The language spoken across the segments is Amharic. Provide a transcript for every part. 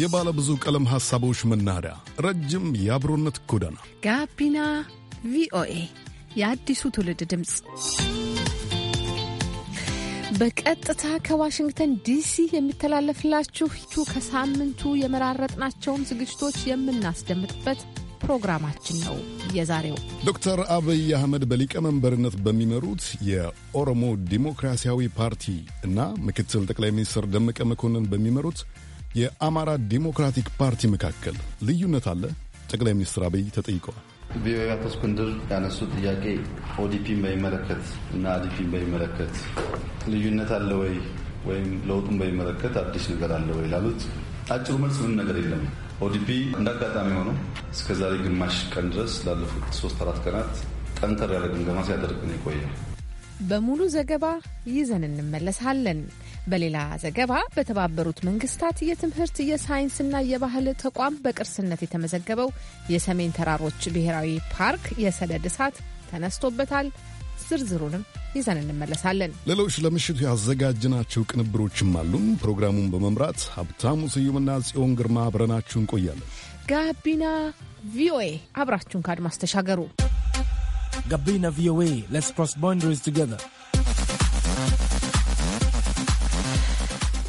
የባለ ብዙ ቀለም ሐሳቦች መናኸሪያ፣ ረጅም የአብሮነት ጎዳና ጋቢና ቪኦኤ የአዲሱ ትውልድ ድምፅ በቀጥታ ከዋሽንግተን ዲሲ የሚተላለፍላችሁ ከሳምንቱ የመራረጥናቸውን ዝግጅቶች የምናስደምጥበት ፕሮግራማችን ነው። የዛሬው ዶክተር አብይ አህመድ በሊቀመንበርነት በሚመሩት የኦሮሞ ዲሞክራሲያዊ ፓርቲ እና ምክትል ጠቅላይ ሚኒስትር ደመቀ መኮንን በሚመሩት የአማራ ዲሞክራቲክ ፓርቲ መካከል ልዩነት አለ? ጠቅላይ ሚኒስትር አብይ ተጠይቀዋል። ቪኦኤ አቶ እስክንድር ያነሱ ጥያቄ ኦዲፒን በሚመለከት እና አዲፒን በሚመለከት ልዩነት አለ ወይ ወይም ለውጡን በሚመለከት አዲስ ነገር አለ ወይ ላሉት አጭሩ መልስ ምን ነገር የለም። ኦዲፒ እንዳጋጣሚ የሆነው እስከዛሬ ግማሽ ቀን ድረስ ላለፉት ሶስት አራት ቀናት ጠንከር ያለ ግምገማ ሲያደርግ ነው የቆየ። በሙሉ ዘገባ ይዘን እንመለሳለን። በሌላ ዘገባ በተባበሩት መንግስታት የትምህርት የሳይንስና የባህል ተቋም በቅርስነት የተመዘገበው የሰሜን ተራሮች ብሔራዊ ፓርክ የሰደድ እሳት ተነስቶበታል። ዝርዝሩንም ይዘን እንመለሳለን። ሌሎች ለምሽቱ ያዘጋጅናቸው ቅንብሮችም አሉን። ፕሮግራሙን በመምራት ሀብታሙ ስዩምና ጽዮን ግርማ አብረናችሁ እንቆያለን። ጋቢና ቪኦኤ አብራችሁን ከአድማስ ተሻገሩ። ጋቢና ቪኦኤ ሌትስ ክሮስ ባውንደሪስ ቱጌዘር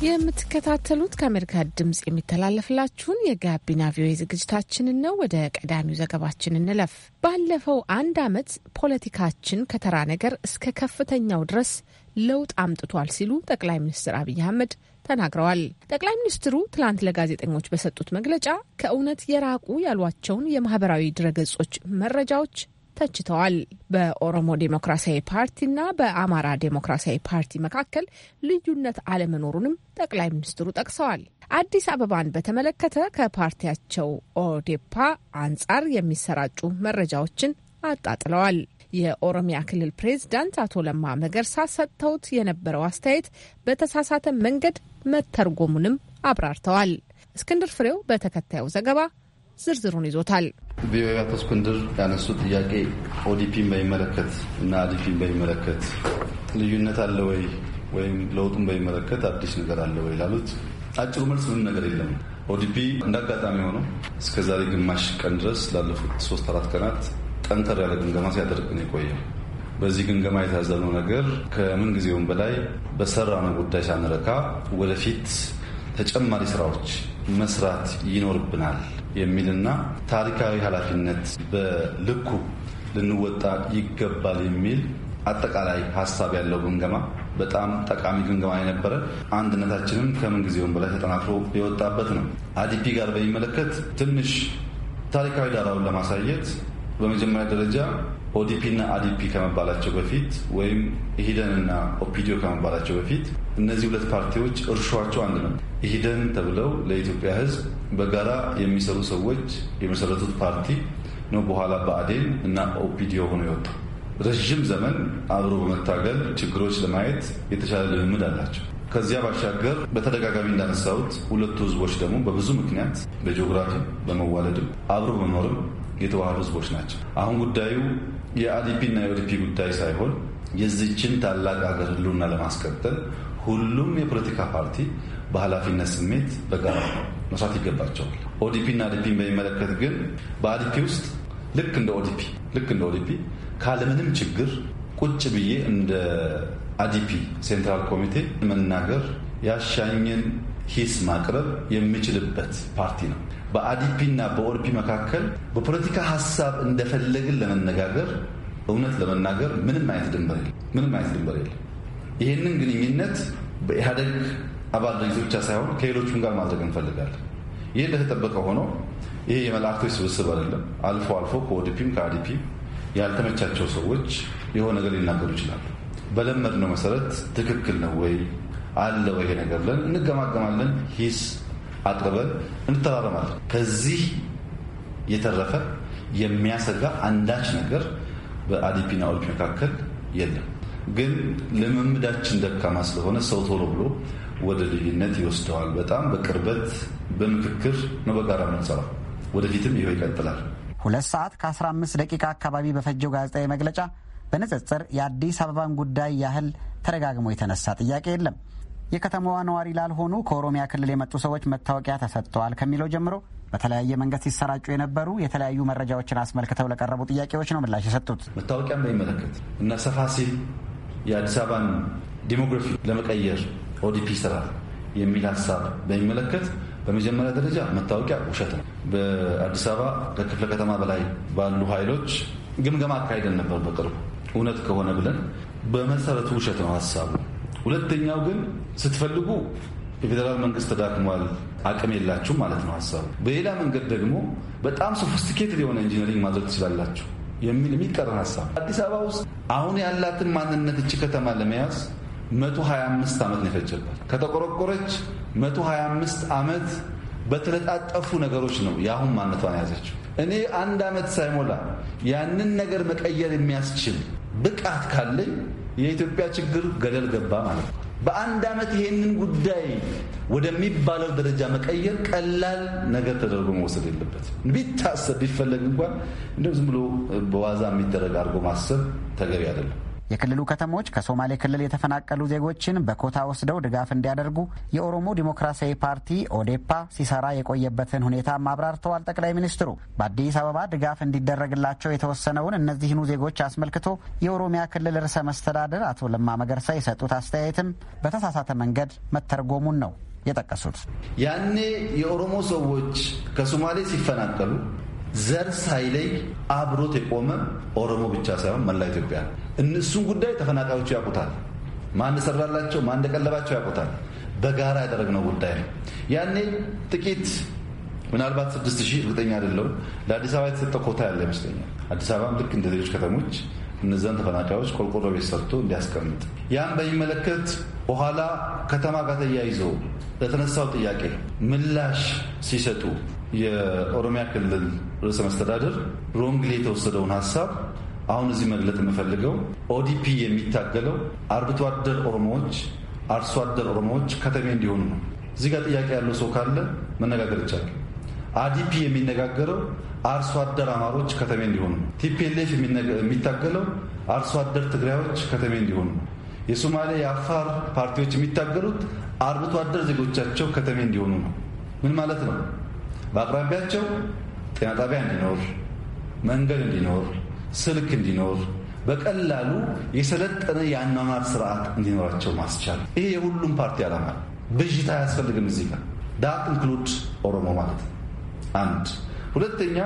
የምትከታተሉት ከአሜሪካ ድምፅ የሚተላለፍላችሁን የጋቢና ቪኦኤ ዝግጅታችንን ነው። ወደ ቀዳሚው ዘገባችን እንለፍ። ባለፈው አንድ ዓመት ፖለቲካችን ከተራ ነገር እስከ ከፍተኛው ድረስ ለውጥ አምጥቷል ሲሉ ጠቅላይ ሚኒስትር አብይ አህመድ ተናግረዋል። ጠቅላይ ሚኒስትሩ ትላንት ለጋዜጠኞች በሰጡት መግለጫ ከእውነት የራቁ ያሏቸውን የማህበራዊ ድረገጾች መረጃዎች ተችተዋል። በኦሮሞ ዴሞክራሲያዊ ፓርቲና በአማራ ዴሞክራሲያዊ ፓርቲ መካከል ልዩነት አለመኖሩንም ጠቅላይ ሚኒስትሩ ጠቅሰዋል። አዲስ አበባን በተመለከተ ከፓርቲያቸው ኦዴፓ አንጻር የሚሰራጩ መረጃዎችን አጣጥለዋል። የኦሮሚያ ክልል ፕሬዝዳንት አቶ ለማ መገርሳ ሰጥተውት የነበረው አስተያየት በተሳሳተ መንገድ መተርጎሙንም አብራርተዋል። እስክንድር ፍሬው በተከታዩ ዘገባ ዝርዝሩን ይዞታል። ቪኦኤ አቶ እስክንድር ጥያቄ ኦዲፒን በሚመለከት እና አዲፒን በሚመለከት ልዩነት አለ ወይ ወይም ለውጡን በሚመለከት አዲስ ነገር አለ ወይ ላሉት አጭሩ መልስ ምንም ነገር የለም። ኦዲፒ እንዳጋጣሚ ሆነው እስከዛሬ ግማሽ ቀን ድረስ ላለፉት ሶስት አራት ቀናት ጠንከር ያለ ግምገማ ሲያደርግ ነው የቆየው። በዚህ ግምገማ የታዘብነው ነገር ከምን ጊዜውም በላይ በሰራነው ጉዳይ ሳንረካ ወደፊት ተጨማሪ ስራዎች መስራት ይኖርብናል የሚልና ታሪካዊ ኃላፊነት በልኩ ልንወጣ ይገባል የሚል አጠቃላይ ሀሳብ ያለው ግምገማ በጣም ጠቃሚ ግምገማ የነበረ አንድነታችንም ከምንጊዜውም በላይ ተጠናክሮ የወጣበት ነው። አዲፒ ጋር በሚመለከት ትንሽ ታሪካዊ ዳራውን ለማሳየት በመጀመሪያ ደረጃ ኦዲፒና አዲፒ ከመባላቸው በፊት ወይም ኢሂደንና ኦፒዲዮ ከመባላቸው በፊት እነዚህ ሁለት ፓርቲዎች እርሾቸው አንድ ነው። ኢሂደን ተብለው ለኢትዮጵያ ሕዝብ በጋራ የሚሰሩ ሰዎች የመሰረቱት ፓርቲ ነው። በኋላ በአዴን እና ኦፒዲዮ ሆኖ የወጣው ረዥም ዘመን አብሮ በመታገል ችግሮች ለማየት የተሻለ ልምምድ አላቸው። ከዚያ ባሻገር በተደጋጋሚ እንዳነሳሁት ሁለቱ ሕዝቦች ደግሞ በብዙ ምክንያት በጂኦግራፊ በመዋለድም አብሮ በመኖርም የተዋሃዱ ህዝቦች ናቸው። አሁን ጉዳዩ የአዲፒ እና የኦዲፒ ጉዳይ ሳይሆን የዚችን ታላቅ ሀገር ህልውና ለማስቀጠል ሁሉም የፖለቲካ ፓርቲ በኃላፊነት ስሜት በጋራ መስራት ይገባቸዋል። ኦዲፒ እና አዲፒን በሚመለከት ግን በአዲፒ ውስጥ ልክ እንደ ኦዲፒ ልክ እንደ ኦዲፒ ካለምንም ችግር ቁጭ ብዬ እንደ አዲፒ ሴንትራል ኮሚቴ መናገር ያሻኝን ሂስ ማቅረብ የሚችልበት ፓርቲ ነው። በአዲፒ እና መካከል በፖለቲካ ሀሳብ እንደፈለግን ለመነጋገር እውነት ለመናገር ምንም አይነት ድንበር የለ ምንም አይነት ድንበር የለም። ይህንን ግንኙነት በኢህአደግ አባል ድርጅቶች ብቻ ሳይሆን ከሌሎቹም ጋር ማድረግ እንፈልጋለን። ይህ እንደተጠበቀ ሆኖ ይሄ የመላእክቶች ስብስብ አይደለም። አልፎ አልፎ ከኦዲፒም ከአዲፒ ያልተመቻቸው ሰዎች የሆነ ነገር ሊናገሩ ይችላሉ። በለመድነው መሰረት ትክክል ነው ወይ አለ ወይ ነገር ብለን እንገማገማለን ሂስ አቅርበን እንተራረማለን። ከዚህ የተረፈ የሚያሰጋ አንዳች ነገር በአዲፒና ኦልፒ መካከል የለም። ግን ልምምዳችን ደካማ ስለሆነ ሰው ቶሎ ብሎ ወደ ልዩነት ይወስደዋል። በጣም በቅርበት በምክክር ነው በጋራ የምንሰራው። ወደፊትም ይኸው ይቀጥላል። ሁለት ሰዓት ከ15 ደቂቃ አካባቢ በፈጀው ጋዜጣዊ መግለጫ በንጽጽር የአዲስ አበባን ጉዳይ ያህል ተደጋግሞ የተነሳ ጥያቄ የለም። የከተማዋ ነዋሪ ላልሆኑ ከኦሮሚያ ክልል የመጡ ሰዎች መታወቂያ ተሰጥተዋል ከሚለው ጀምሮ በተለያየ መንገድ ሲሰራጩ የነበሩ የተለያዩ መረጃዎችን አስመልክተው ለቀረቡ ጥያቄዎች ነው ምላሽ የሰጡት። መታወቂያን በሚመለከት እና ሰፋ ሲል የአዲስ አበባን ዲሞግራፊ ለመቀየር ኦዲፒ ስራ የሚል ሀሳብ በሚመለከት በመጀመሪያ ደረጃ መታወቂያ ውሸት ነው። በአዲስ አበባ ከክፍለ ከተማ በላይ ባሉ ኃይሎች ግምገማ አካሄደን ነበር በቅርቡ። እውነት ከሆነ ብለን በመሰረቱ ውሸት ነው ሀሳቡ ሁለተኛው ግን ስትፈልጉ የፌዴራል መንግስት ተዳክሟል፣ አቅም የላችሁም ማለት ነው ሀሳቡ። በሌላ መንገድ ደግሞ በጣም ሶፊስቲኬትድ የሆነ ኢንጂነሪንግ ማድረግ ትችላላችሁ የሚል የሚቀር ሀሳብ አዲስ አበባ ውስጥ አሁን ያላትን ማንነት እች ከተማ ለመያዝ 125 ዓመት ነው የፈጀባት። ከተቆረቆረች 125 ዓመት በተለጣጠፉ ነገሮች ነው የአሁን ማነቷን የያዘችው። እኔ አንድ ዓመት ሳይሞላ ያንን ነገር መቀየር የሚያስችል ብቃት ካለኝ የኢትዮጵያ ችግር ገደል ገባ ማለት ነው። በአንድ ዓመት ይሄንን ጉዳይ ወደሚባለው ደረጃ መቀየር ቀላል ነገር ተደርጎ መውሰድ የለበት። ቢታሰብ ቢፈለግ እንኳን እንደው ዝም ብሎ በዋዛ የሚደረግ አድርጎ ማሰብ ተገቢ አይደለም። የክልሉ ከተሞች ከሶማሌ ክልል የተፈናቀሉ ዜጎችን በኮታ ወስደው ድጋፍ እንዲያደርጉ የኦሮሞ ዲሞክራሲያዊ ፓርቲ ኦዴፓ ሲሰራ የቆየበትን ሁኔታም አብራርተዋል። ጠቅላይ ሚኒስትሩ በአዲስ አበባ ድጋፍ እንዲደረግላቸው የተወሰነውን እነዚህኑ ዜጎች አስመልክቶ የኦሮሚያ ክልል ርዕሰ መስተዳድር አቶ ለማ መገርሳ የሰጡት አስተያየትም በተሳሳተ መንገድ መተርጎሙን ነው የጠቀሱት። ያኔ የኦሮሞ ሰዎች ከሶማሌ ሲፈናቀሉ ዘር ሳይለይ አብሮት የቆመ ኦሮሞ ብቻ ሳይሆን መላ ኢትዮጵያ ነው። እነሱን ጉዳይ ተፈናቃዮቹ ያውቁታል። ማን ሰራላቸው፣ ማን እንደቀለባቸው ያውቁታል። በጋራ ያደረግነው ጉዳይ ነው። ያኔ ጥቂት ምናልባት ስድስት ሺህ እርግጠኛ አይደለሁም። ለአዲስ አበባ የተሰጠው ኮታ ያለ ይመስለኛል። አዲስ አበባም ልክ እንደ ሌሎች ከተሞች እነዚያን ተፈናቃዮች ቆርቆሮ ቤት ሰርቶ እንዲያስቀምጥ ያን በሚመለከት በኋላ ከተማ ጋር ተያይዞ ለተነሳው ጥያቄ ምላሽ ሲሰጡ የኦሮሚያ ክልል ርዕሰ መስተዳደር ሮንግሌ የተወሰደውን ሀሳብ አሁን እዚህ መግለጥ የምፈልገው ኦዲፒ የሚታገለው አርብቶ አደር ኦሮሞዎች፣ አርሶ አደር ኦሮሞዎች ከተሜ እንዲሆኑ ነው። እዚህ ጋር ጥያቄ ያለው ሰው ካለ መነጋገር ይቻላል። አዲፒ የሚነጋገረው አርሶ አደር አማሮች ከተሜ እንዲሆኑ ነው። ቲፒኤልኤፍ የሚታገለው አርሶ አደር ትግራዮች ከተሜ እንዲሆኑ ነው። የሶማሌ የአፋር ፓርቲዎች የሚታገሉት አርብቶ አደር ዜጎቻቸው ከተሜ እንዲሆኑ ነው። ምን ማለት ነው? በአቅራቢያቸው ጤና ጣቢያ እንዲኖር፣ መንገድ እንዲኖር፣ ስልክ እንዲኖር፣ በቀላሉ የሰለጠነ የአኗኗር ስርዓት እንዲኖራቸው ማስቻል። ይሄ የሁሉም ፓርቲ ዓላማ ነው። ብዥታ አያስፈልግም። እዚህ ጋር ዳት ኢንክሉድ ኦሮሞ ማለት አንድ። ሁለተኛ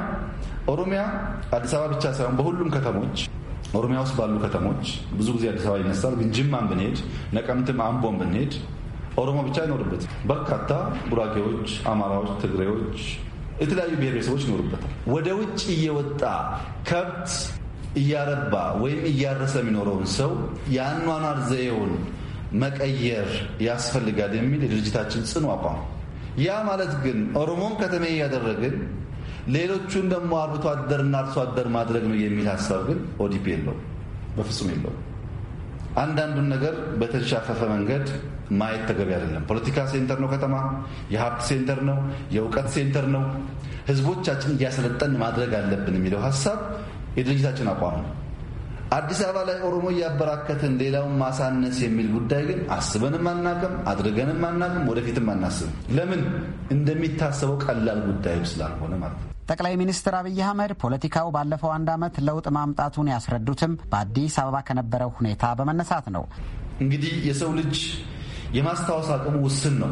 ኦሮሚያ አዲስ አበባ ብቻ ሳይሆን በሁሉም ከተሞች ኦሮሚያ ውስጥ ባሉ ከተሞች ብዙ ጊዜ አዲስ አበባ ይነሳል፣ ግን ጅማን ብንሄድ፣ ነቀምትም፣ አምቦም ብንሄድ ኦሮሞ ብቻ አይኖርበት፣ በርካታ ጉራጌዎች፣ አማራዎች፣ ትግሬዎች፣ የተለያዩ ብሔረሰቦች ይኖሩበታል። ወደ ውጭ እየወጣ ከብት እያረባ ወይም እያረሰ የሚኖረውን ሰው የአኗኗር ዘዬውን መቀየር ያስፈልጋል የሚል የድርጅታችን ጽኑ አቋም። ያ ማለት ግን ኦሮሞን ከተሜ እያደረግን ሌሎቹን ደግሞ አርብቶ አደርና አርሶ አደር ማድረግ ነው የሚል ሀሳብ ግን ኦዲፒ የለው፣ በፍጹም የለውም። አንዳንዱን ነገር በተንሻፈፈ መንገድ ማየት ተገቢ አይደለም። ፖለቲካ ሴንተር ነው ከተማ፣ የሀብት ሴንተር ነው፣ የእውቀት ሴንተር ነው። ህዝቦቻችን እያሰለጠን ማድረግ አለብን የሚለው ሀሳብ የድርጅታችን አቋም ነው። አዲስ አበባ ላይ ኦሮሞ እያበራከትን ሌላውን ማሳነስ የሚል ጉዳይ ግን አስበንም አናቅም፣ አድርገንም አናቅም፣ ወደፊትም አናስብም። ለምን እንደሚታሰበው ቀላል ጉዳይ ስላልሆነ ማለት ነው። ጠቅላይ ሚኒስትር አብይ አህመድ ፖለቲካው ባለፈው አንድ ዓመት ለውጥ ማምጣቱን ያስረዱትም በአዲስ አበባ ከነበረው ሁኔታ በመነሳት ነው። እንግዲህ የሰው ልጅ የማስታወስ አቅሙ ውስን ነው።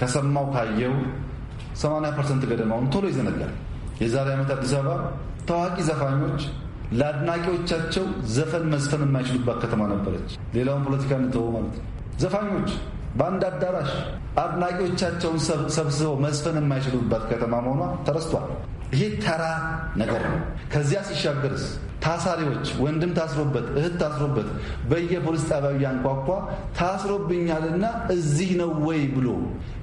ከሰማው ካየው 80 ፐርሰንት ገደማውን ቶሎ ይዘነጋል። የዛሬ ዓመት አዲስ አበባ ታዋቂ ዘፋኞች ለአድናቂዎቻቸው ዘፈን መዝፈን የማይችሉባት ከተማ ነበረች። ሌላውን ፖለቲካ እንተወ ማለት ነው። ዘፋኞች በአንድ አዳራሽ አድናቂዎቻቸውን ሰብስበው መዝፈን የማይችሉባት ከተማ መሆኗ ተረስቷል። ይሄ ተራ ነገር ነው። ከዚያ ሲሻገርስ ታሳሪዎች ወንድም ታስሮበት እህት ታስሮበት በየፖሊስ ጣቢያው እያንኳኳ ታስሮብኛልና እዚህ ነው ወይ ብሎ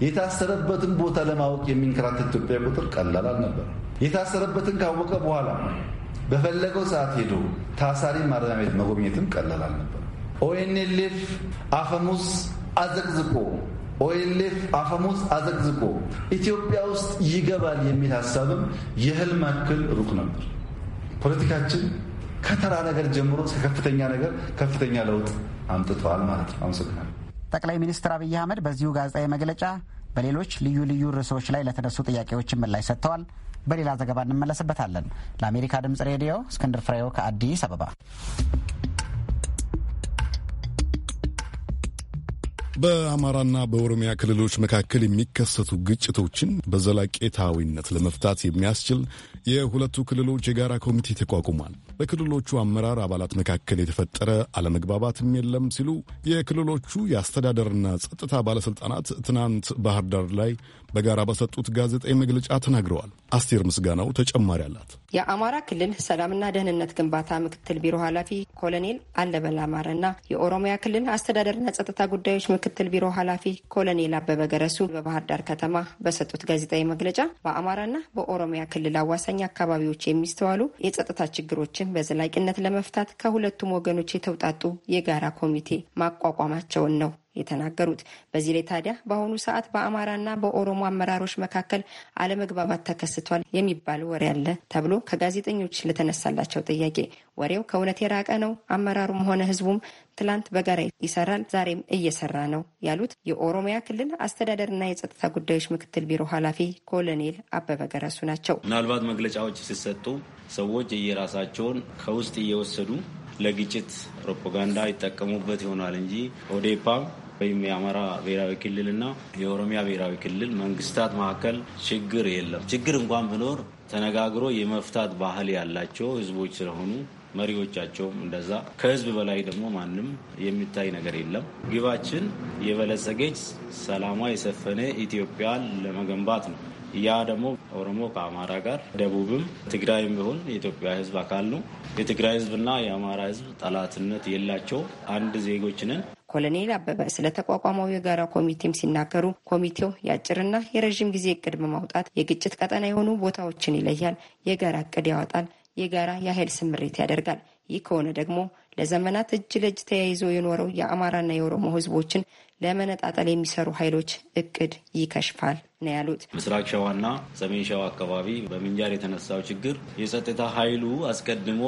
የታሰረበትን ቦታ ለማወቅ የሚንከራተት ኢትዮጵያ ቁጥር ቀላል አልነበር። የታሰረበትን ካወቀ በኋላ በፈለገው ሰዓት ሄዶ ታሳሪ ማረሚያ ቤት መጎብኘትም ቀላል አልነበር። ኦኤንኤልኤፍ አፈሙስ አዘቅዝቆ ኦኤልኤፍ አፈሙስ አዘቅዝቆ ኢትዮጵያ ውስጥ ይገባል የሚል ሀሳብም የህልም ያክል ሩቅ ነበር። ፖለቲካችን ከተራ ነገር ጀምሮ እስከ ከፍተኛ ነገር ከፍተኛ ለውጥ አምጥተዋል ማለት ነው። አመሰግናለሁ። ጠቅላይ ሚኒስትር አብይ አህመድ በዚሁ ጋዜጣዊ መግለጫ በሌሎች ልዩ ልዩ ርዕሶች ላይ ለተነሱ ጥያቄዎችን ምላሽ ሰጥተዋል። በሌላ ዘገባ እንመለስበታለን። ለአሜሪካ ድምጽ ሬዲዮ እስክንድር ፍሬው ከአዲስ አበባ በአማራና በኦሮሚያ ክልሎች መካከል የሚከሰቱ ግጭቶችን በዘላቄታዊነት ለመፍታት የሚያስችል የሁለቱ ክልሎች የጋራ ኮሚቴ ተቋቁሟል። በክልሎቹ አመራር አባላት መካከል የተፈጠረ አለመግባባትም የለም ሲሉ የክልሎቹ የአስተዳደርና ጸጥታ ባለሥልጣናት ትናንት ባህር ዳር ላይ በጋራ በሰጡት ጋዜጣዊ መግለጫ ተናግረዋል። አስቴር ምስጋናው ተጨማሪ አላት። የአማራ ክልል ሰላምና ደህንነት ግንባታ ምክትል ቢሮ ኃላፊ ኮሎኔል አለበል አማረ እና የኦሮሚያ ክልል አስተዳደርና ጸጥታ ጉዳዮች ምክትል ቢሮ ኃላፊ ኮሎኔል አበበ ገረሱ በባህር ዳር ከተማ በሰጡት ጋዜጣዊ መግለጫ በአማራና በኦሮሚያ ክልል አዋሳኝ አካባቢዎች የሚስተዋሉ የጸጥታ ችግሮችን በዘላቂነት ለመፍታት ከሁለቱም ወገኖች የተውጣጡ የጋራ ኮሚቴ ማቋቋማቸውን ነው የተናገሩት። በዚህ ላይ ታዲያ በአሁኑ ሰዓት በአማራና በኦሮሞ አመራሮች መካከል አለመግባባት ተከስቷል የሚባል ወሬ አለ ተብሎ ከጋዜጠኞች ለተነሳላቸው ጥያቄ ወሬው ከእውነት የራቀ ነው፣ አመራሩም ሆነ ህዝቡም ትላንት በጋራ ይሰራል፣ ዛሬም እየሰራ ነው ያሉት የኦሮሚያ ክልል አስተዳደርና የጸጥታ ጉዳዮች ምክትል ቢሮ ኃላፊ ኮሎኔል አበበ ገረሱ ናቸው። ምናልባት መግለጫዎች ሲሰጡ ሰዎች የራሳቸውን ከውስጥ እየወሰዱ ለግጭት ፕሮፓጋንዳ ይጠቀሙበት ይሆናል እንጂ ኦዴፓ ወይም የአማራ ብሔራዊ ክልልና የኦሮሚያ ብሔራዊ ክልል መንግስታት መካከል ችግር የለም። ችግር እንኳን ቢኖር ተነጋግሮ የመፍታት ባህል ያላቸው ህዝቦች ስለሆኑ መሪዎቻቸውም እንደዛ ከህዝብ በላይ ደግሞ ማንም የሚታይ ነገር የለም። ግባችን የበለጸገች ሰላሟ የሰፈነ ኢትዮጵያን ለመገንባት ነው። ያ ደግሞ ኦሮሞ ከአማራ ጋር ደቡብም ትግራይም ቢሆን የኢትዮጵያ ሕዝብ አካል ነው። የትግራይ ሕዝብና የአማራ ሕዝብ ጠላትነት የላቸው አንድ ዜጎችንን ኮሎኔል አበበ ስለ ተቋቋመው የጋራ ኮሚቴም ሲናገሩ ኮሚቴው የአጭርና የረዥም ጊዜ እቅድ በማውጣት የግጭት ቀጠና የሆኑ ቦታዎችን ይለያል፣ የጋራ እቅድ ያወጣል፣ የጋራ የኃይል ስምሪት ያደርጋል። ይህ ከሆነ ደግሞ ለዘመናት እጅ ለእጅ ተያይዞ የኖረው የአማራና የኦሮሞ ህዝቦችን ለመነጣጠል የሚሰሩ ኃይሎች እቅድ ይከሽፋል ነው ያሉት። ምስራቅ ሸዋና ሰሜን ሸዋ አካባቢ በምንጃር የተነሳው ችግር የጸጥታ ኃይሉ አስቀድሞ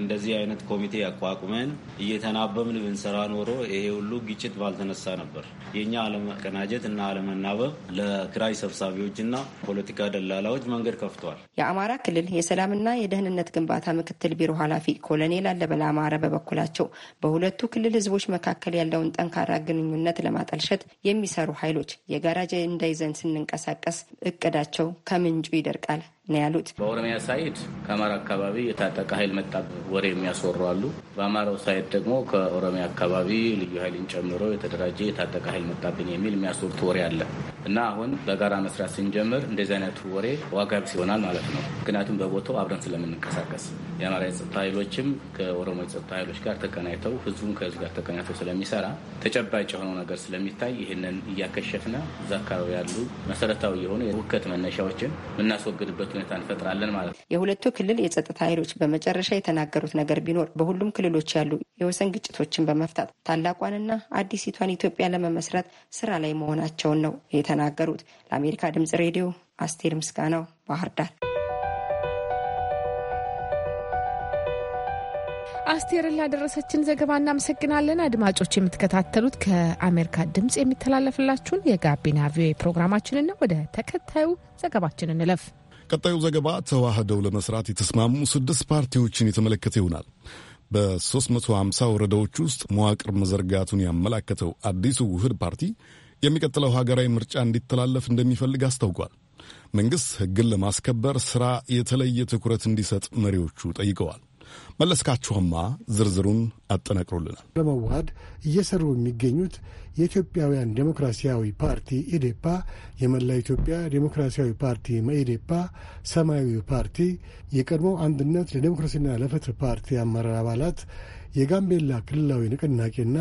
እንደዚህ አይነት ኮሚቴ አቋቁመን እየተናበብን ብንሰራ ኖሮ ይሄ ሁሉ ግጭት ባልተነሳ ነበር። የእኛ አለመቀናጀት እና አለመናበብ ለክራይ ሰብሳቢዎችና ፖለቲካ ደላላዎች መንገድ ከፍቷል። የአማራ ክልል የሰላምና የደህንነት ግንባታ ምክትል ቢሮ ኃላፊ ኮሎኔል አለበላ አማረ በበኩላቸው በሁለቱ ክልል ህዝቦች መካከል ያለውን ጠንካራ ግንኙነት ለማጠልሸት የሚሰሩ ኃይሎች የጋራ አጀንዳ ይዘን ስንንቀሳቀስ እቅዳቸው ከምንጩ ይደርቃል ነው ያሉት። በኦሮሚያ ሳይድ ከአማራ አካባቢ የታጠቀ ኃይል መጣ ወሬ የሚያስወሩ አሉ። በአማራው ሳይድ ደግሞ ከኦሮሚያ አካባቢ ልዩ ኃይልን ጨምሮ የተደራጀ የታጠቀ ኃይል መጣብን የሚል የሚያስወሩት ወሬ አለ እና አሁን በጋራ መስራት ስንጀምር እንደዚህ አይነቱ ወሬ ዋጋ ቢስ ይሆናል ማለት ነው። ምክንያቱም በቦታው አብረን ስለምንንቀሳቀስ የአማራ የጸጥታ ኃይሎችም ከኦሮሞ የጸጥታ ኃይሎች ጋር ተቀናይተው ህዝቡን ከህዝብ ጋር ተቀናይተው ስለሚሰራ ተጨባጭ የሆነው ነገር ስለሚታይ ይህንን እያከሸፍና እዛ አካባቢ ያሉ መሰረታዊ የሆኑ የውከት መነሻዎችን የምናስወግድበት ሁኔታ እንፈጥራለን ማለት ነው። የሁለቱ ክልል የጸጥታ ኃይሎች በመጨረሻ የተናገሩት ነገር ቢኖር በሁሉም ክልሎች ያሉ የወሰን ግጭቶችን በመፍታት ታላቋንና አዲሲቷን ኢትዮጵያ ለመመስረት ስራ ላይ መሆናቸውን ነው የተናገሩት። ለአሜሪካ ድምጽ ሬዲዮ አስቴር ምስጋናው ባህር ዳር። አስቴርን ላደረሰችን ዘገባ እናመሰግናለን። አድማጮች የምትከታተሉት ከአሜሪካ ድምፅ የሚተላለፍላችሁን የጋቢና ቪኦኤ ፕሮግራማችንን ነው። ወደ ተከታዩ ዘገባችን እንለፍ። ቀጣዩ ዘገባ ተዋህደው ለመስራት የተስማሙ ስድስት ፓርቲዎችን የተመለከተ ይሆናል። በ350 ወረዳዎች ውስጥ መዋቅር መዘርጋቱን ያመላከተው አዲሱ ውህድ ፓርቲ የሚቀጥለው ሀገራዊ ምርጫ እንዲተላለፍ እንደሚፈልግ አስታውቋል። መንግሥት ሕግን ለማስከበር ሥራ የተለየ ትኩረት እንዲሰጥ መሪዎቹ ጠይቀዋል። መለስካችሁማ ዝርዝሩን አጠናቅሮልናል። ለመዋሃድ እየሰሩ የሚገኙት የኢትዮጵያውያን ዴሞክራሲያዊ ፓርቲ ኢዴፓ፣ የመላ ኢትዮጵያ ዴሞክራሲያዊ ፓርቲ መኢዴፓ፣ ሰማያዊ ፓርቲ፣ የቀድሞ አንድነት ለዴሞክራሲና ለፍትህ ፓርቲ አመራር አባላት፣ የጋምቤላ ክልላዊ ንቅናቄና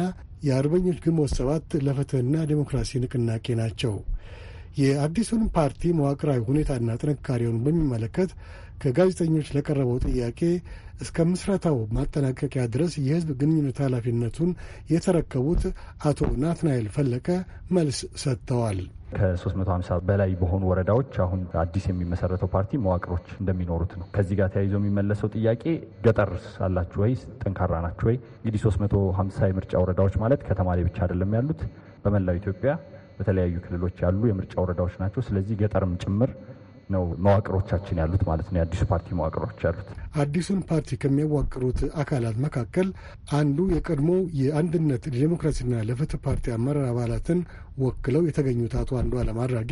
የአርበኞች ግንቦት ሰባት ለፍትህና ዴሞክራሲ ንቅናቄ ናቸው። የአዲሱን ፓርቲ መዋቅራዊ ሁኔታና ጥንካሬውን በሚመለከት ከጋዜጠኞች ለቀረበው ጥያቄ እስከ ምስረታው ማጠናቀቂያ ድረስ የህዝብ ግንኙነት ኃላፊነቱን የተረከቡት አቶ ናትናኤል ፈለቀ መልስ ሰጥተዋል። ከ350 በላይ በሆኑ ወረዳዎች አሁን አዲስ የሚመሰረተው ፓርቲ መዋቅሮች እንደሚኖሩት ነው። ከዚህ ጋር ተያይዞ የሚመለሰው ጥያቄ ገጠር አላችሁ ወይ? ጠንካራ ናችሁ ወይ? እንግዲህ 350 የምርጫ ወረዳዎች ማለት ከተማ ላይ ብቻ አይደለም ያሉት፣ በመላው ኢትዮጵያ በተለያዩ ክልሎች ያሉ የምርጫ ወረዳዎች ናቸው። ስለዚህ ገጠርም ጭምር ነው መዋቅሮቻችን ያሉት ማለት ነው። የአዲሱ ፓርቲ መዋቅሮች ያሉት አዲሱን ፓርቲ ከሚያዋቅሩት አካላት መካከል አንዱ የቀድሞ የአንድነት ለዲሞክራሲና ለፍትህ ፓርቲ አመራር አባላትን ወክለው የተገኙት አቶ አንዱዓለም አራጌ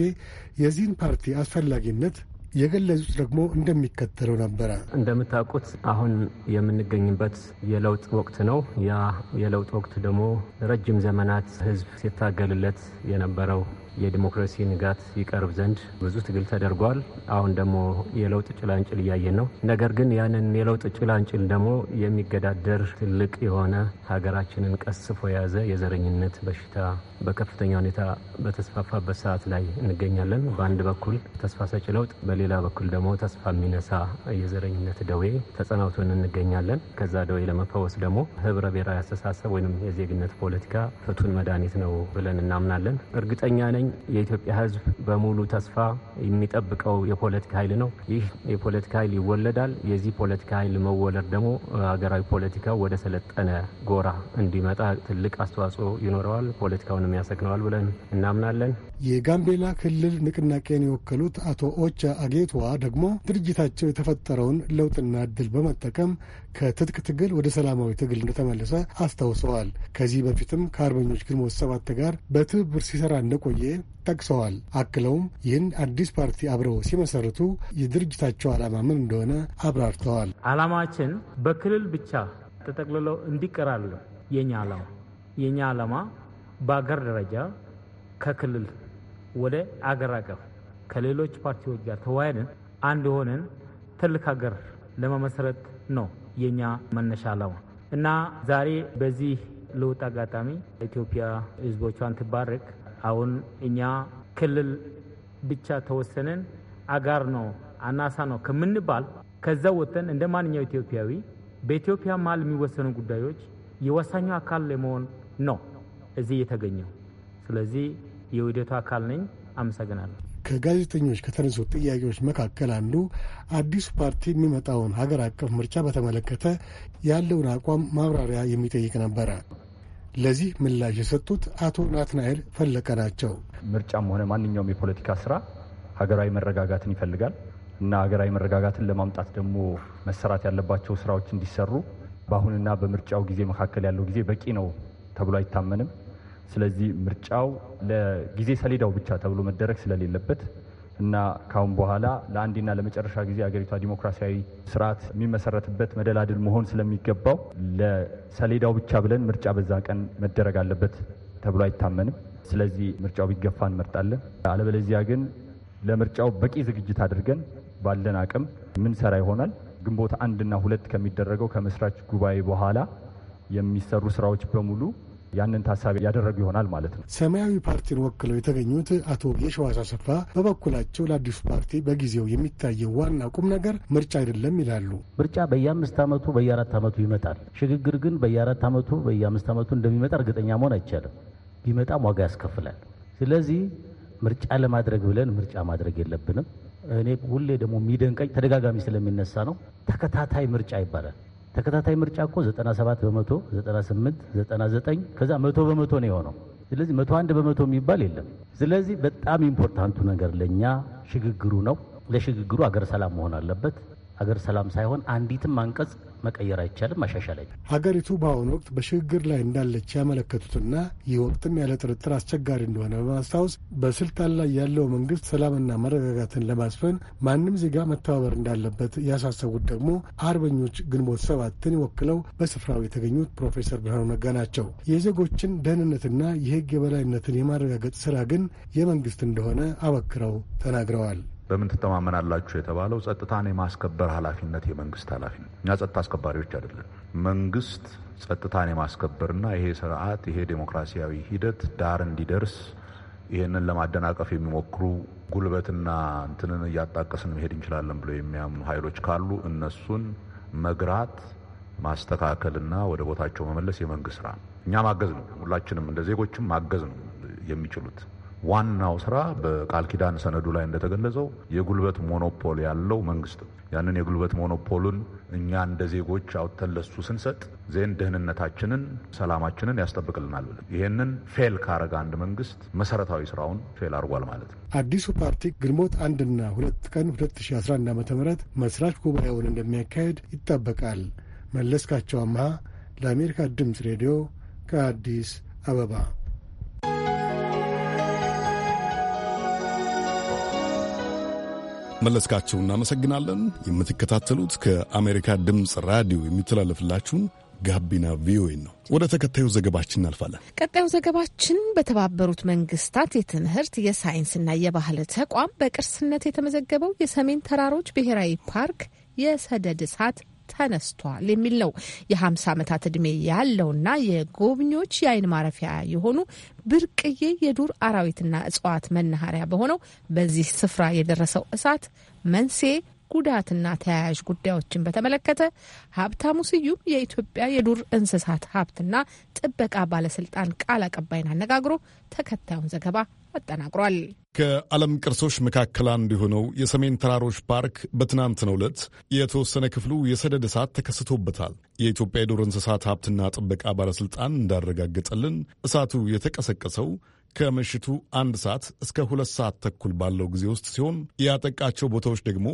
የዚህን ፓርቲ አስፈላጊነት የገለጹት ደግሞ እንደሚከተለው ነበረ። እንደምታውቁት አሁን የምንገኝበት የለውጥ ወቅት ነው። ያ የለውጥ ወቅት ደግሞ ረጅም ዘመናት ህዝብ ሲታገልለት የነበረው የዲሞክራሲ ንጋት ይቀርብ ዘንድ ብዙ ትግል ተደርጓል። አሁን ደግሞ የለውጥ ጭላንጭል እያየን ነው። ነገር ግን ያንን የለውጥ ጭላንጭል ደግሞ የሚገዳደር ትልቅ የሆነ ሀገራችንን ቀስፎ የያዘ የዘረኝነት በሽታ በከፍተኛ ሁኔታ በተስፋፋበት ሰዓት ላይ እንገኛለን። በአንድ በኩል ተስፋ ሰጭ ለውጥ፣ በሌላ በኩል ደግሞ ተስፋ የሚነሳ የዘረኝነት ደዌ ተጸናውቶን እንገኛለን። ከዛ ደዌ ለመፈወስ ደግሞ ህብረ ብሔራዊ አስተሳሰብ ወይም የዜግነት ፖለቲካ ፍቱን መድኃኒት ነው ብለን እናምናለን። እርግጠኛ ነኝ እንደሚመስለኝ የኢትዮጵያ ሕዝብ በሙሉ ተስፋ የሚጠብቀው የፖለቲካ ኃይል ነው። ይህ የፖለቲካ ኃይል ይወለዳል። የዚህ ፖለቲካ ኃይል መወለድ ደግሞ ሀገራዊ ፖለቲካ ወደ ሰለጠነ ጎራ እንዲመጣ ትልቅ አስተዋጽኦ ይኖረዋል፣ ፖለቲካውንም ያሰግነዋል ብለን እናምናለን። የጋምቤላ ክልል ንቅናቄን የወከሉት አቶ ኦቻ አጌቷ ደግሞ ድርጅታቸው የተፈጠረውን ለውጥና እድል በመጠቀም ከትጥቅ ትግል ወደ ሰላማዊ ትግል እንደተመለሰ አስታውሰዋል። ከዚህ በፊትም ከአርበኞች ግንቦት ሰባት ጋር በትብብር ሲሰራ እንደቆየ ጠቅሰዋል። አክለውም ይህን አዲስ ፓርቲ አብረው ሲመሰርቱ የድርጅታቸው ዓላማ ምን እንደሆነ አብራርተዋል። ዓላማችን በክልል ብቻ ተጠቅልለው እንዲቀራሉ የኛ ዓላማ የኛ ዓላማ በአገር ደረጃ ከክልል ወደ አገር አቀፍ ከሌሎች ፓርቲዎች ጋር ተዋህደን አንድ ሆነን ትልቅ ሀገር ለመመስረት ነው የኛ መነሻ ዓላማ እና ዛሬ በዚህ ለውጥ አጋጣሚ ኢትዮጵያ ሕዝቦቿን ትባረክ አሁን እኛ ክልል ብቻ ተወሰነን አጋር ነው አናሳ ነው ከምንባል ከዛ ወጥተን እንደ ማንኛው ኢትዮጵያዊ በኢትዮጵያ መሀል የሚወሰኑ ጉዳዮች የወሳኙ አካል ለመሆን ነው እዚህ የተገኘው። ስለዚህ የውህደቱ አካል ነኝ። አመሰግናለሁ። ከጋዜጠኞች ከተነሱ ጥያቄዎች መካከል አንዱ አዲሱ ፓርቲ የሚመጣውን ሀገር አቀፍ ምርጫ በተመለከተ ያለውን አቋም ማብራሪያ የሚጠይቅ ነበረ። ለዚህ ምላሽ የሰጡት አቶ ናትናኤል ፈለቀ ናቸው። ምርጫም ሆነ ማንኛውም የፖለቲካ ስራ ሀገራዊ መረጋጋትን ይፈልጋል እና ሀገራዊ መረጋጋትን ለማምጣት ደግሞ መሰራት ያለባቸው ስራዎች እንዲሰሩ በአሁንና በምርጫው ጊዜ መካከል ያለው ጊዜ በቂ ነው ተብሎ አይታመንም። ስለዚህ ምርጫው ለጊዜ ሰሌዳው ብቻ ተብሎ መደረግ ስለሌለበት እና ካሁን በኋላ ለአንዴና ለመጨረሻ ጊዜ አገሪቷ ዲሞክራሲያዊ ስርዓት የሚመሰረትበት መደላድል መሆን ስለሚገባው ለሰሌዳው ብቻ ብለን ምርጫ በዛ ቀን መደረግ አለበት ተብሎ አይታመንም። ስለዚህ ምርጫው ቢገፋ እንመርጣለን። አለበለዚያ ግን ለምርጫው በቂ ዝግጅት አድርገን ባለን አቅም ምንሰራ ይሆናል። ግንቦት አንድና ሁለት ከሚደረገው ከመስራች ጉባኤ በኋላ የሚሰሩ ስራዎች በሙሉ ያንን ታሳቢ ያደረጉ ይሆናል ማለት ነው። ሰማያዊ ፓርቲን ወክለው የተገኙት አቶ የሸዋስ አሰፋ በበኩላቸው ለአዲሱ ፓርቲ በጊዜው የሚታየው ዋና ቁም ነገር ምርጫ አይደለም ይላሉ። ምርጫ በየአምስት ዓመቱ በየአራት ዓመቱ ይመጣል። ሽግግር ግን በየአራት ዓመቱ በየአምስት ዓመቱ እንደሚመጣ እርግጠኛ መሆን አይቻልም። ቢመጣም ዋጋ ያስከፍላል። ስለዚህ ምርጫ ለማድረግ ብለን ምርጫ ማድረግ የለብንም። እኔ ሁሌ ደግሞ የሚደንቀኝ ተደጋጋሚ ስለሚነሳ ነው። ተከታታይ ምርጫ ይባላል። ተከታታይ ምርጫ እኮ 97 በመቶ 98 99 ከዛ መቶ በመቶ ነው የሆነው። ስለዚህ መቶ አንድ በመቶ የሚባል የለም። ስለዚህ በጣም ኢምፖርታንቱ ነገር ለእኛ ሽግግሩ ነው። ለሽግግሩ አገር ሰላም መሆን አለበት። ሀገር ሰላም ሳይሆን አንዲትም አንቀጽ መቀየር አይቻልም፣ ማሻሻል አይቻልም። ሀገሪቱ በአሁኑ ወቅት በሽግግር ላይ እንዳለች ያመለከቱትና ይህ ወቅትም ያለ ጥርጥር አስቸጋሪ እንደሆነ በማስታወስ በስልጣን ላይ ያለው መንግስት ሰላምና መረጋጋትን ለማስፈን ማንም ዜጋ መተባበር እንዳለበት ያሳሰቡት ደግሞ አርበኞች ግንቦት ሰባትን ወክለው በስፍራው የተገኙት ፕሮፌሰር ብርሃኑ ነጋ ናቸው። የዜጎችን ደህንነትና የህግ የበላይነትን የማረጋገጥ ስራ ግን የመንግስት እንደሆነ አበክረው ተናግረዋል። በምን ትተማመናላችሁ የተባለው ጸጥታን የማስከበር ኃላፊነት የመንግስት ኃላፊነት እኛ ጸጥታ አስከባሪዎች አይደለን። መንግስት ጸጥታን የማስከበርና ይሄ ስርዓት ይሄ ዴሞክራሲያዊ ሂደት ዳር እንዲደርስ ይህንን ለማደናቀፍ የሚሞክሩ ጉልበትና እንትንን እያጣቀስን መሄድ እንችላለን ብሎ የሚያምኑ ኃይሎች ካሉ እነሱን መግራት ማስተካከልና ወደ ቦታቸው መመለስ የመንግስት ስራ እኛ ማገዝ ነው። ሁላችንም እንደ ዜጎችም ማገዝ ነው የሚችሉት ዋናው ስራ በቃል ኪዳን ሰነዱ ላይ እንደተገለጸው የጉልበት ሞኖፖል ያለው መንግስት ነው። ያንን የጉልበት ሞኖፖሉን እኛ እንደ ዜጎች አውጥተን ለሱ ስንሰጥ ዜን ደህንነታችንን፣ ሰላማችንን ያስጠብቅልናል ብለን ይህንን ፌል ካረገ አንድ መንግስት መሰረታዊ ስራውን ፌል አድርጓል ማለት ነው። አዲሱ ፓርቲ ግንቦት አንድና ሁለት ቀን 2011 ዓ ም መስራች ጉባኤውን እንደሚያካሄድ ይጠበቃል። መለስካቸው አምሃ ለአሜሪካ ድምፅ ሬዲዮ ከአዲስ አበባ መለስካቸው እናመሰግናለን። የምትከታተሉት ከአሜሪካ ድምፅ ራዲዮ የሚተላለፍላችሁን ጋቢና ቪኦኤ ነው። ወደ ተከታዩ ዘገባችን እናልፋለን። ቀጣዩ ዘገባችን በተባበሩት መንግስታት የትምህርት የሳይንስና የባህል ተቋም በቅርስነት የተመዘገበው የሰሜን ተራሮች ብሔራዊ ፓርክ የሰደድ እሳት ተነስቷል የሚል ነው። የ50 ዓመታት ዕድሜ ያለውና የጎብኚዎች የአይን ማረፊያ የሆኑ ብርቅዬ የዱር አራዊትና እጽዋት መናኸሪያ በሆነው በዚህ ስፍራ የደረሰው እሳት መንስኤ ጉዳትና ተያያዥ ጉዳዮችን በተመለከተ ሀብታሙ ስዩም የኢትዮጵያ የዱር እንስሳት ሀብትና ጥበቃ ባለስልጣን ቃል አቀባይን አነጋግሮ ተከታዩን ዘገባ አጠናቅሯል። ከዓለም ቅርሶች መካከል አንዱ የሆነው የሰሜን ተራሮች ፓርክ በትናንትናው ዕለት የተወሰነ ክፍሉ የሰደድ እሳት ተከስቶበታል። የኢትዮጵያ የዱር እንስሳት ሀብትና ጥበቃ ባለስልጣን እንዳረጋገጠልን እሳቱ የተቀሰቀሰው ከምሽቱ አንድ ሰዓት እስከ ሁለት ሰዓት ተኩል ባለው ጊዜ ውስጥ ሲሆን ያጠቃቸው ቦታዎች ደግሞ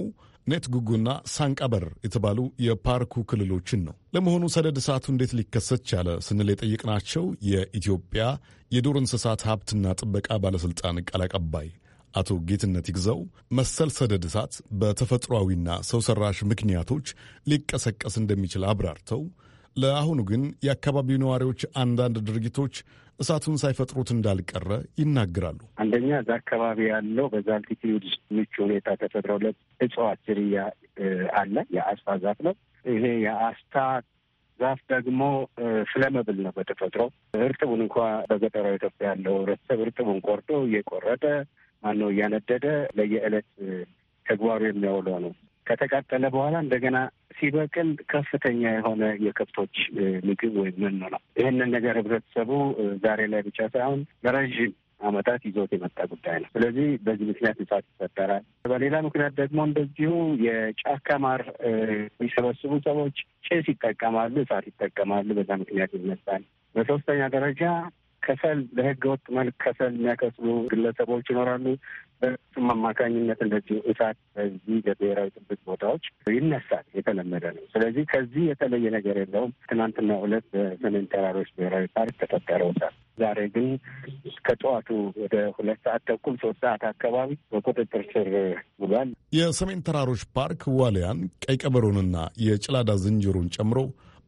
ኔት ጉጉና ሳንቃበር የተባሉ የፓርኩ ክልሎችን ነው። ለመሆኑ ሰደድ እሳቱ እንዴት ሊከሰት ቻለ ስንል የጠየቅናቸው የኢትዮጵያ የዱር እንስሳት ሀብትና ጥበቃ ባለሥልጣን ቃል አቀባይ አቶ ጌትነት ይግዛው መሰል ሰደድ እሳት በተፈጥሯዊና ሰው ሰራሽ ምክንያቶች ሊቀሰቀስ እንደሚችል አብራርተው ለአሁኑ ግን የአካባቢው ነዋሪዎች አንዳንድ ድርጊቶች እሳቱን ሳይፈጥሩት እንዳልቀረ ይናገራሉ። አንደኛ እዛ አካባቢ ያለው በዛ አልቲቲዩድ ምቹ ሁኔታ ተፈጥሮለት እጽዋት ዝርያ አለ። የአስታ ዛፍ ነው። ይሄ የአስታ ዛፍ ደግሞ ስለመብል ነው በተፈጥሮ እርጥቡን እንኳ በገጠራዊ ኢትዮጵያ ያለው ህብረተሰብ እርጥቡን ቆርጦ እየቆረጠ ማነው እያነደደ ለየዕለት ተግባሩ የሚያውለው ነው። ከተቃጠለ በኋላ እንደገና ሲበቅል ከፍተኛ የሆነ የከብቶች ምግብ ወይም መኖ ነው። ይህንን ነገር ህብረተሰቡ ዛሬ ላይ ብቻ ሳይሆን ለረዥም ዓመታት ይዞት የመጣ ጉዳይ ነው። ስለዚህ በዚህ ምክንያት እሳት ይፈጠራል። በሌላ ምክንያት ደግሞ እንደዚሁ የጫካ ማር የሚሰበስቡ ሰዎች ጭስ ይጠቀማሉ፣ እሳት ይጠቀማሉ። በዛ ምክንያት ይነሳል። በሶስተኛ ደረጃ ከሰል ወጥ መልክ ከሰል የሚያከስሉ ግለሰቦች ይኖራሉ። በሱም አማካኝነት እንደዚህ እሳት በዚህ በብሔራዊ ጥብቅ ቦታዎች ይነሳል፣ የተለመደ ነው። ስለዚህ ከዚህ የተለየ ነገር የለውም። ትናንትና ሁለት በሰሜን ተራሮች ብሔራዊ ፓርክ ተፈጠረውታል። እሳት። ዛሬ ግን ከጠዋቱ ወደ ሁለት ሰዓት ተኩል ሶስት ሰዓት አካባቢ በቁጥጥር ስር ውሏል። የሰሜን ተራሮች ፓርክ ዋልያን፣ ቀይ ቀበሮንና የጭላዳ ዝንጀሮን ጨምሮ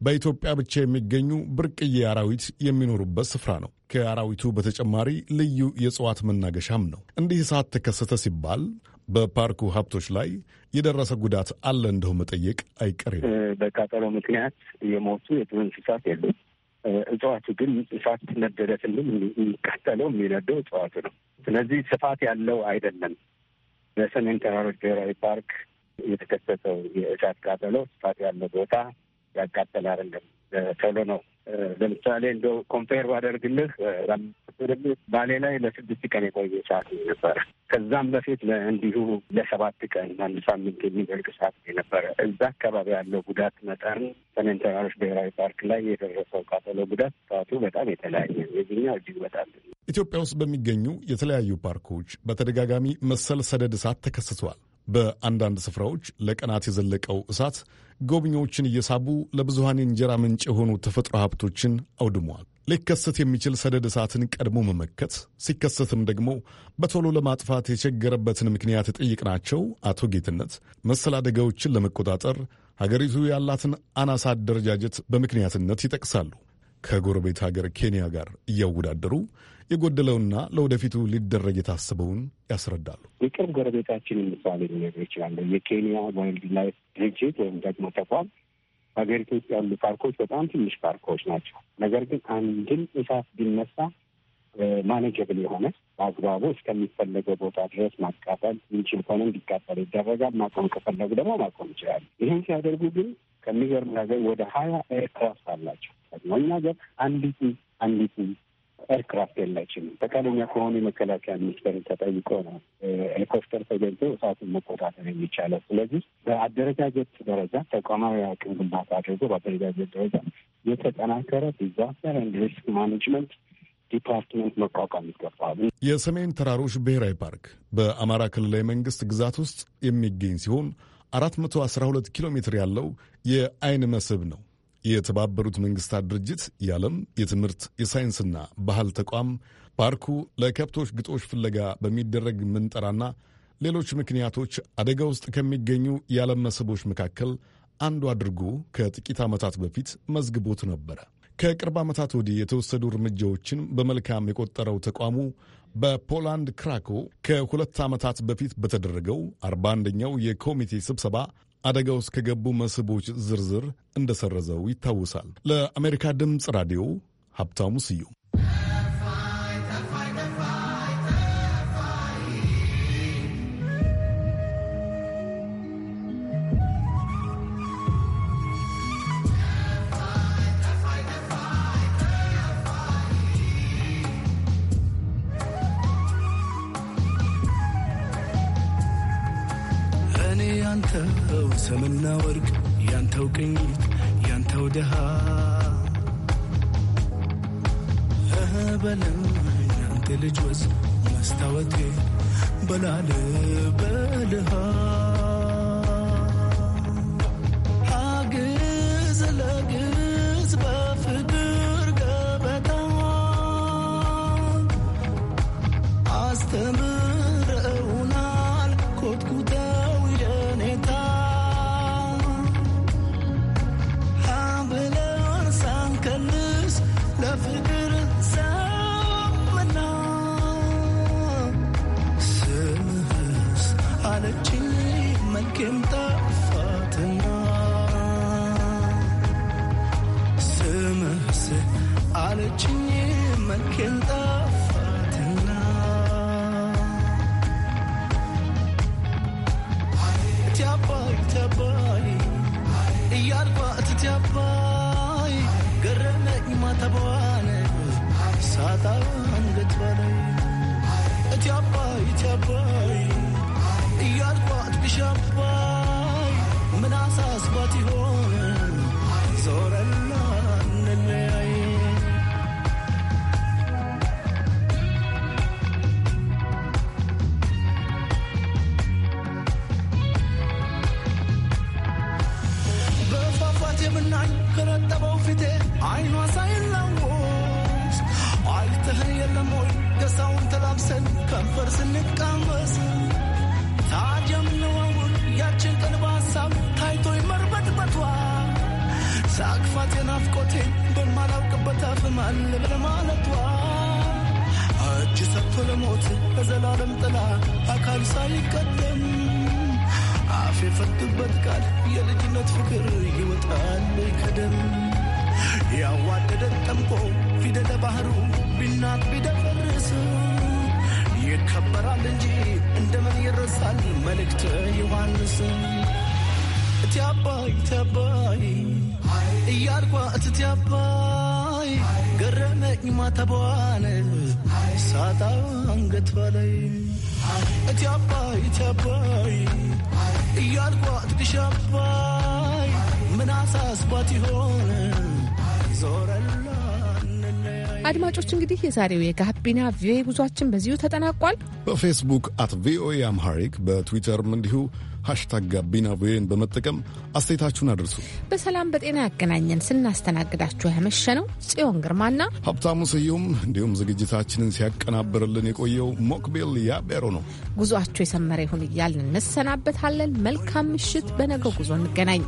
በኢትዮጵያ ብቻ የሚገኙ ብርቅዬ አራዊት የሚኖሩበት ስፍራ ነው። ከአራዊቱ በተጨማሪ ልዩ የእጽዋት መናገሻም ነው። እንዲህ እሳት ተከሰተ ሲባል በፓርኩ ሀብቶች ላይ የደረሰ ጉዳት አለ እንደው መጠየቅ አይቀሬ ነው። በቃጠሎ ምክንያት የሞቱ የዱር እንስሳት የሉ። እጽዋቱ ግን እሳት ነደደ ስንል የሚቃጠለው የሚነደው እጽዋቱ ነው። ስለዚህ ስፋት ያለው አይደለም። በሰሜን ተራሮች ብሔራዊ ፓርክ የተከሰተው የእሳት ቃጠሎ ስፋት ያለው ቦታ ያቃጠል አይደለም። ቶሎ ነው። ለምሳሌ እንደ ኮምፔር ባደርግልህ ባሌ ላይ ለስድስት ቀን የቆየ ሰዓት ነበረ። ከዛም በፊት እንዲሁ ለሰባት ቀን አንድ ሳምንት የሚዘልቅ ሰዓት ነበረ። እዛ አካባቢ ያለው ጉዳት መጠን ሰሜን ተራሮች ብሔራዊ ፓርክ ላይ የደረሰው ቃጠሎ ጉዳት ሰዓቱ በጣም የተለያየ ነው። እጅግ በጣም ኢትዮጵያ ውስጥ በሚገኙ የተለያዩ ፓርኮች በተደጋጋሚ መሰል ሰደድ እሳት ተከስቷል። በአንዳንድ ስፍራዎች ለቀናት የዘለቀው እሳት ጎብኚዎችን እየሳቡ ለብዙሃን የእንጀራ ምንጭ የሆኑ ተፈጥሮ ሀብቶችን አውድመዋል። ሊከሰት የሚችል ሰደድ እሳትን ቀድሞ መመከት፣ ሲከሰትም ደግሞ በቶሎ ለማጥፋት የቸገረበትን ምክንያት የጠየቅናቸው አቶ ጌትነት መሰል አደጋዎችን ለመቆጣጠር ሀገሪቱ ያላትን አናሳ አደረጃጀት በምክንያትነት ይጠቅሳሉ። ከጎረቤት ሀገር ኬንያ ጋር እያወዳደሩ የጎደለውና ለወደፊቱ ሊደረግ የታሰበውን ያስረዳሉ። የቅርብ ጎረቤታችን ምሳሌ ሊነግር ይችላለ። የኬንያ ዋይልድ ላይፍ ድርጅት ወይም ደግሞ ተቋም በሀገሪቱ ውስጥ ያሉ ፓርኮች በጣም ትንሽ ፓርኮች ናቸው። ነገር ግን አንድን እሳት ቢነሳ ማኔጀብል የሆነ በአግባቡ እስከሚፈለገው ቦታ ድረስ ማቃጠል እንችል ከሆነ እንዲቃጠል ይደረጋል። ማቆም ከፈለጉ ደግሞ ማቆም ይችላል። ይህን ሲያደርጉ ግን ከሚገርም ነገር ወደ ሀያ ኤርክራፍት አላቸው። እኛ ገር አንዲቱ አንዲቱ ኤርክራፍት የላችንም። ፈቃደኛ ከሆኑ የመከላከያ ሚኒስቴር ተጠይቆ ነው ሄሊኮፕተር ተገኝቶ እሳቱን መቆጣጠር የሚቻለው። ስለዚህ በአደረጃጀት ደረጃ ተቋማዊ አቅም ግንባታ አድርጎ በአደረጃጀት ደረጃ የተጠናከረ ዲዛስተር ኤንድ ሪስክ ማኔጅመንት ዲፓርትመንት መቋቋም ይገባል። የሰሜን ተራሮች ብሔራዊ ፓርክ በአማራ ክልላዊ መንግስት ግዛት ውስጥ የሚገኝ ሲሆን አራት መቶ አስራ ሁለት ኪሎ ሜትር ያለው የአይን መስህብ ነው። የተባበሩት መንግስታት ድርጅት የዓለም የትምህርት የሳይንስና ባህል ተቋም ፓርኩ ለከብቶች ግጦሽ ፍለጋ በሚደረግ ምንጠራና ሌሎች ምክንያቶች አደጋ ውስጥ ከሚገኙ የዓለም መስህቦች መካከል አንዱ አድርጎ ከጥቂት ዓመታት በፊት መዝግቦት ነበረ። ከቅርብ ዓመታት ወዲህ የተወሰዱ እርምጃዎችን በመልካም የቆጠረው ተቋሙ በፖላንድ ክራኮ ከሁለት ዓመታት በፊት በተደረገው አርባ አንደኛው የኮሚቴ ስብሰባ አደጋ ውስጥ ከገቡ መስህቦች ዝርዝር እንደሰረዘው ይታወሳል። ለአሜሪካ ድምፅ ራዲዮ ሀብታሙ ስዩም ብርና ወርቅ ያንተው ቅኝት ያንተው ድሃ በለም ያንተ ልጅ ወዝ መስታወቴ በላለ በልሃ ካጣ አንገት በላይ እቲ አባይ እቲ ናፍቆቴ በማላውቅበት አፍማል ለማለቷ እጅ ሰጥቶ ለሞት በዘላለም ጥላ አካል ሳይቀደም አፍ የፈቱበት ቃል የልጅነት ፍቅር ይወጣል ከደም ያዋደደን ጠምቆ ፊደለ ባህሩ ቢናት ቢደፈርስ ይከበራል እንጂ እንደምን ይረሳል መልእክት ዮሐንስ አባይ ተባይ እያልኳ እትት አባይ ገረመኝ ማተቧን ሳጣ አንገት በላይ እቲ አባይ እያልኳ ትግሽ ምን አሳስባት ይሆን ዞረል አድማጮች እንግዲህ የዛሬው የጋቢና ቪኦኤ ጉዟችን በዚሁ ተጠናቋል። በፌስቡክ አት ቪኦኤ አምሃሪክ በትዊተርም እንዲሁ ሃሽታግ ጋቢና ቪኦኤን በመጠቀም አስተያየታችሁን አድርሱ። በሰላም በጤና ያገናኘን። ስናስተናግዳችሁ ያመሸ ነው ጽዮን ግርማና ሀብታሙ ስዩም እንዲሁም ዝግጅታችንን ሲያቀናብርልን የቆየው ሞክቤል ያቤሮ ነው። ጉዟችሁ የሰመረ ይሁን እያልን እንሰናበታለን። መልካም ምሽት። በነገው ጉዞ እንገናኝ።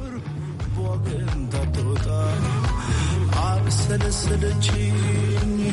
I'm